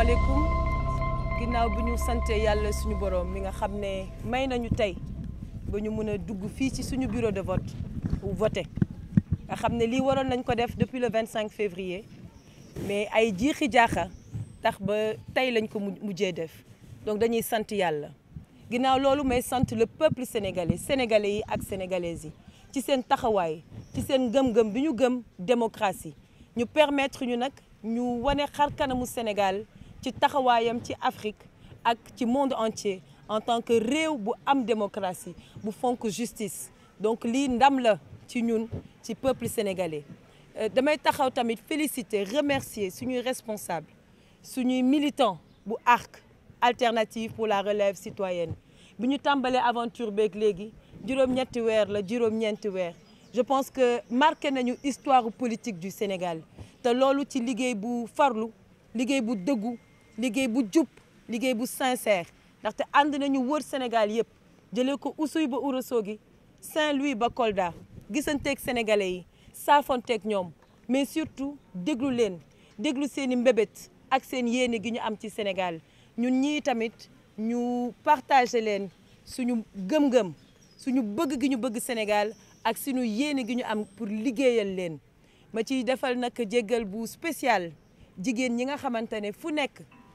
asalaamaaleykum ginaaw bi ñu sante yàlla suñu borom mi nga xamné may nañu tay ba ñu mën dugg fi ci suñu bureau de vote ou voter nga li waron lii nañ ko def depuis le 25 février mais ay jixi jaxa tax ba tay lañ ko mujjé def donc dañuy santé yalla ginaaw lolu may santé le peuple sénégalais sénégalais yi ak sénégalaises yi ci sen taxaway ci sen gëm-gëm biñu gëm démocratie ñu permettre ñu n'ak. ñu wane xarkana mu Sénégal ci taxawaayam ci Afrique ak le monde entier en tant que réew bu am démocratie bu fonk justice donc ce ndam la ci ñun ci peuple sénégalais Je euh, taxaw tamit féliciter remercier nos responsables, nos militants bu ARC alternative pour la relève citoyenne bi ñu aventure beeg léegi ñetti la je pense que marqué nañu histoire politique du Sénégal te loolu ci liggéey bu farlu liggéey bu degou. liggéey bu jub liggéey bu sincère ndaxte ànd nañu wër Sénégal yëpp jële ko Oussouye ba gi Saint-Louis ba Kolda gisanteeg sénégalais yi saafonteeg ñoom mais surtout déglu leen déglu seen mbébét ak seen yéene gi ñu am ci Sénégal ñun ñii tamit ñu partagé leen suñu gëm-gëm suñu bëgg gi ñu bëgg Sénégal ak suñu yéene gi ñu am pour liggéeyal leen ma ciy defal nag jéggal bu spécial jigéen ñi nga xamante ne fu nekk.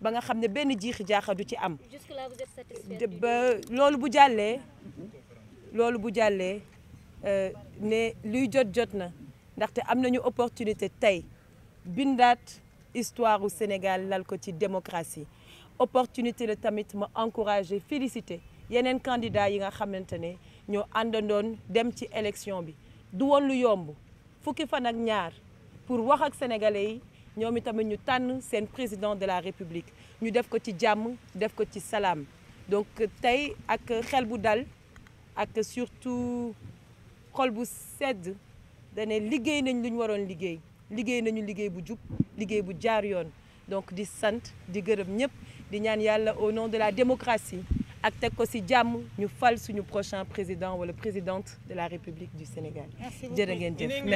ba nga xamné ne benn jaxadu ci am ba loolu bu jallé lolu bu euh ne luy jot jotna na té am nañu opportunité tay bindaat histoire au Sénégal lal ko ci démocratie opportunité le tamit ma encourager féliciter yenen candidat yi nga xamante ne ñoo àndandoon dem ci élection bi du won lu yomb fukki fan ak ñaar pour wax ak sénégalais yi ñoom itamit ñu tànn seen président de la république ñu def ko ci jàmm def ko ci salaam donc tey ak xel bu dal ak surtout xol bu sedd dane liggéey nañ lu ñu waroon liggéey nañu liggéey bu jub liggéey bu jaar yoon donc di sant di gërëm ñëpp di ñaan yàlla au nom de la démocratie ak teg ko ci jàmm ñu fal suñu prochain président wala présidente de la République du Sénégal jërë ngeen